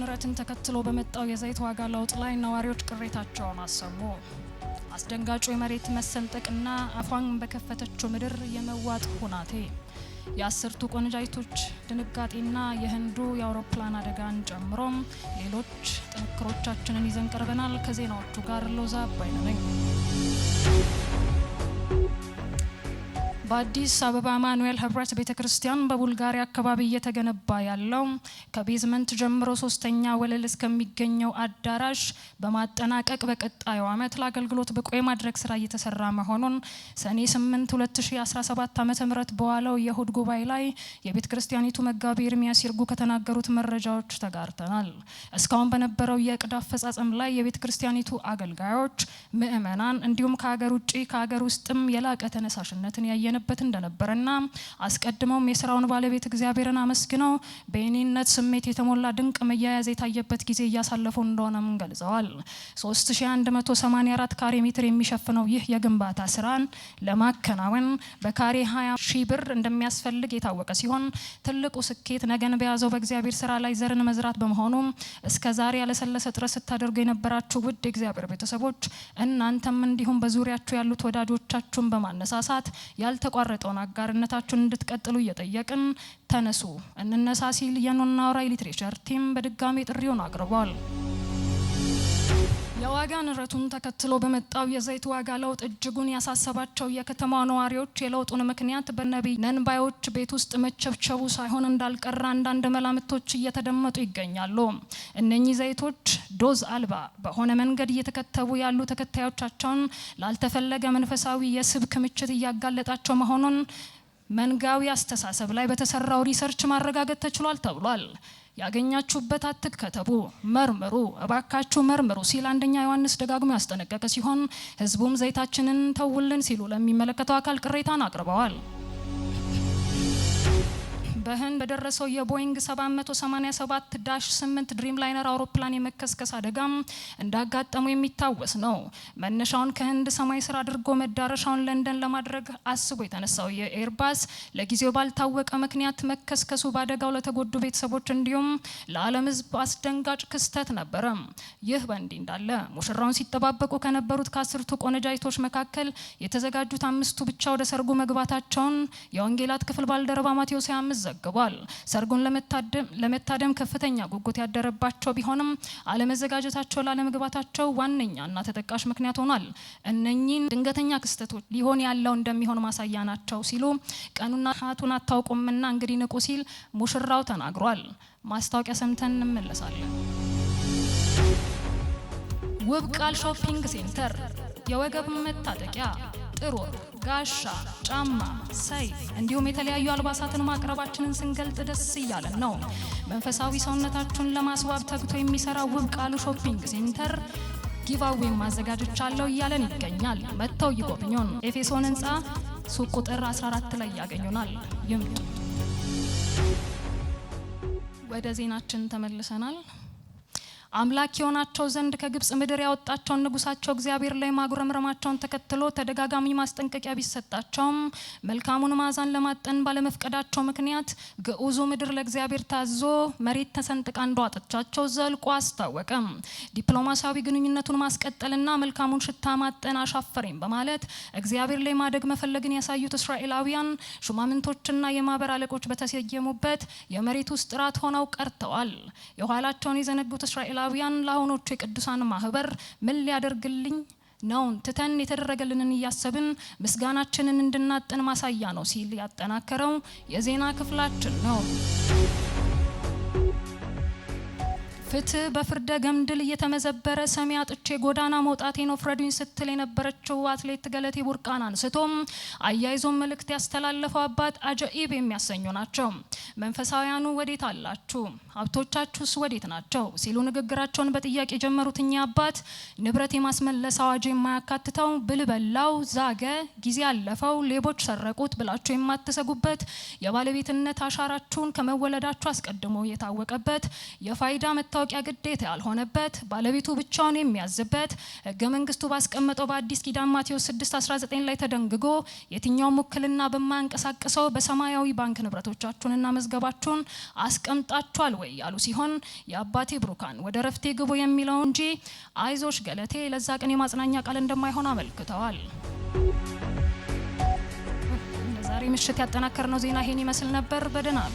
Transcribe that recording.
ንረትን ተከትሎ በመጣው የዘይት ዋጋ ለውጥ ላይ ነዋሪዎች ቅሬታቸውን አሰሙ። አስደንጋጩ የመሬት መሰንጠቅና አፏን በከፈተችው ምድር የመዋጥ ሁናቴ፣ የአስርቱ ቆንጃይቶች ድንጋጤና የህንዱ የአውሮፕላን አደጋን ጨምሮም ሌሎች ጥንክሮቻችንን ይዘን ቀርበናል። ከዜናዎቹ ጋር ሎዛ አባይነነኝ በአዲስ አበባ ማኑኤል ህብረት ቤተ ክርስቲያን በቡልጋሪያ አካባቢ እየተገነባ ያለው ከቤዝመንት ጀምሮ ሶስተኛ ወለል እስከሚገኘው አዳራሽ በማጠናቀቅ በቀጣዩ ዓመት ለአገልግሎት ብቁ የማድረግ ስራ እየተሰራ መሆኑን ሰኔ 8 2017 ዓ ም በዋለው የእሁድ ጉባኤ ላይ የቤተ ክርስቲያኒቱ መጋቢ ኤርሚያስ ይርጉ ከተናገሩት መረጃዎች ተጋርተናል። እስካሁን በነበረው የእቅድ አፈጻጸም ላይ የቤተ ክርስቲያኒቱ አገልጋዮች፣ ምእመናን እንዲሁም ከሀገር ውጭ ከሀገር ውስጥም የላቀ ተነሳሽነትን ያየነ ያለንበት እንደነበረና አስቀድመውም የስራውን ባለቤት እግዚአብሔርን አመስግነው በኔነት ስሜት የተሞላ ድንቅ መያያዝ የታየበት ጊዜ እያሳለፉ እንደሆነም ገልጸዋል። 3184 ካሬ ሜትር የሚሸፍነው ይህ የግንባታ ስራን ለማከናወን በካሬ 20 ሺ ብር እንደሚያስፈልግ የታወቀ ሲሆን ትልቁ ስኬት ነገን በያዘው በእግዚአብሔር ስራ ላይ ዘርን መዝራት በመሆኑ እስከ ዛሬ ያለሰለሰ ጥረት ስታደርጉ የነበራችሁ ውድ የእግዚአብሔር ቤተሰቦች እናንተም እንዲሁም በዙሪያችሁ ያሉት ወዳጆቻችሁን በማነሳሳት ያልተ የተቋረጠውን አጋርነታችሁን እንድትቀጥሉ እየጠየቅን ተነሱ እንነሳ ሲል የኑና ሊትሬቸር ቲም በድጋሚ ጥሪውን አቅርቧል። የዋጋ ንረቱን ተከትሎ በመጣው የዘይት ዋጋ ለውጥ እጅጉን ያሳሰባቸው የከተማ ነዋሪዎች የለውጡን ምክንያት በነቢይ ነንባዮች ቤት ውስጥ መቸብቸቡ ሳይሆን እንዳልቀረ አንዳንድ መላምቶች እየተደመጡ ይገኛሉ። እነኚህ ዘይቶች ዶዝ አልባ በሆነ መንገድ እየተከተቡ ያሉ ተከታዮቻቸውን ላልተፈለገ መንፈሳዊ የስብ ክምችት እያጋለጣቸው መሆኑን መንጋዊ አስተሳሰብ ላይ በተሰራው ሪሰርች ማረጋገጥ ተችሏል ተብሏል። ያገኛችሁበት አትከተቡ፣ መርምሩ፣ እባካችሁ መርምሩ ሲል አንደኛ ዮሐንስ ደጋግሞ ያስጠነቀቀ ሲሆን ህዝቡም ዘይታችንን ተውልን ሲሉ ለሚመለከተው አካል ቅሬታን አቅርበዋል። በህን በደረሰው የቦይንግ 787 ዳሽ 8 ድሪም ላይነር አውሮፕላን የመከስከስ አደጋም እንዳጋጠመው የሚታወስ ነው። መነሻውን ከህንድ ሰማይ ስር አድርጎ መዳረሻውን ለንደን ለማድረግ አስቦ የተነሳው የኤርባስ ለጊዜው ባልታወቀ ምክንያት መከስከሱ በአደጋው ለተጎዱ ቤተሰቦች እንዲሁም ለዓለም ህዝብ አስደንጋጭ ክስተት ነበረ። ይህ በእንዲህ እንዳለ ሙሽራውን ሲጠባበቁ ከነበሩት ከአስርቱ ቆነጃይቶች መካከል የተዘጋጁት አምስቱ ብቻ ወደ ሰርጉ መግባታቸውን የወንጌላት ክፍል ባልደረባ ማቴዎስ 25 ተመዝግቧል። ሰርጉን ለመታደም ከፍተኛ ጉጉት ያደረባቸው ቢሆንም አለመዘጋጀታቸው ላለመግባታቸው ዋነኛና ተጠቃሽ ምክንያት ሆኗል። እነኚህን ድንገተኛ ክስተቶች ሊሆን ያለው እንደሚሆን ማሳያ ናቸው ሲሉ ቀኑና ሰዓቱን አታውቁምና እንግዲህ ንቁ ሲል ሙሽራው ተናግሯል። ማስታወቂያ ሰምተን እንመለሳለን። ውብ ቃል ሾፒንግ ሴንተር የወገብ መታጠቂያ ጥሩር፣ ጋሻ፣ ጫማ፣ ሰይፍ እንዲሁም የተለያዩ አልባሳትን ማቅረባችንን ስንገልጥ ደስ እያለን ነው። መንፈሳዊ ሰውነታችሁን ለማስዋብ ተግቶ የሚሰራ ውብ ቃሉ ሾፒንግ ሴንተር ጊቫዌ ማዘጋጀቻለሁ እያለን ይገኛል። መጥተው ይጎብኙን። ኤፌሶን ህንፃ ሱቅ ቁጥር 14 ላይ ያገኙናል። ይምጡ። ወደ ዜናችን ተመልሰናል። አምላክ የሆናቸው ዘንድ ከግብጽ ምድር ያወጣቸውን ንጉሳቸው እግዚአብሔር ላይ ማጉረምረማቸውን ተከትሎ ተደጋጋሚ ማስጠንቀቂያ ቢሰጣቸውም መልካሙን ማዛን ለማጠን ባለመፍቀዳቸው ምክንያት ግዑዙ ምድር ለእግዚአብሔር ታዞ መሬት ተሰንጥቃ እንዳዋጠቻቸው ዘልቆ አስታወቀም። ዲፕሎማሲያዊ ግንኙነቱን ማስቀጠልና መልካሙን ሽታ ማጠን አሻፈሬም በማለት እግዚአብሔር ላይ ማደግ መፈለግን ያሳዩት እስራኤላውያን ሹማምንቶችና የማህበር አለቆች በተሰየሙበት የመሬት ውስጥ ራት ሆነው ቀርተዋል። የኋላቸውን የዘነጉት እስራኤል ወንጌላውያን ለአሁኖቹ የቅዱሳን ማህበር ምን ሊያደርግልኝ ነውን ትተን የተደረገልንን እያሰብን ምስጋናችንን እንድናጥን ማሳያ ነው ሲል ያጠናከረው የዜና ክፍላችን ነው። ፍትህ በፍርደ ገምድል እየተመዘበረ ሰሚ አጥቼ ጎዳና ነው ፍረዱኝ ስትል የነበረችው አትሌት ገለቴ ቡርቃን አንስቶም አያይዞ መልእክት ያስተላለፈው አባት አጀኢብ የሚያሰኙ ናቸው። መንፈሳውያኑ ወዴት አላችሁ? ሀብቶቻችሁስ ወዴት ናቸው? ሲሉ ንግግራቸውን በጥያቄ የጀመሩት እኚህ አባት ንብረት የማስመለስ አዋጅ የማያካትተው ብል በላው፣ ዛገ፣ ጊዜ አለፈው፣ ሌቦች ሰረቁት ብላችሁ የማትሰጉበት የባለቤትነት አሻራችሁን ከመወለዳችሁ አስቀድሞ የታወቀበት የፋይዳ መታ የማስታወቂያ ግዴታ ያልሆነበት ባለቤቱ ብቻውን የሚያዝበት ህገ መንግስቱ ባስቀመጠው በአዲስ ኪዳን ማቴዎስ 6:19 ላይ ተደንግጎ የትኛውም ውክልና በማያንቀሳቅሰው በሰማያዊ ባንክ ንብረቶቻችሁንና መዝገባችሁን አስቀምጣችኋል ወይ ያሉ ሲሆን የአባቴ ብሩካን ወደ ረፍቴ ግቡ የሚለው እንጂ አይዞሽ ገለቴ ለዛ ቀን የማጽናኛ ቃል እንደማይሆን አመልክተዋል። ዛሬ ምሽት ያጠናከርነው ዜና ይሄን ይመስል ነበር። በደህና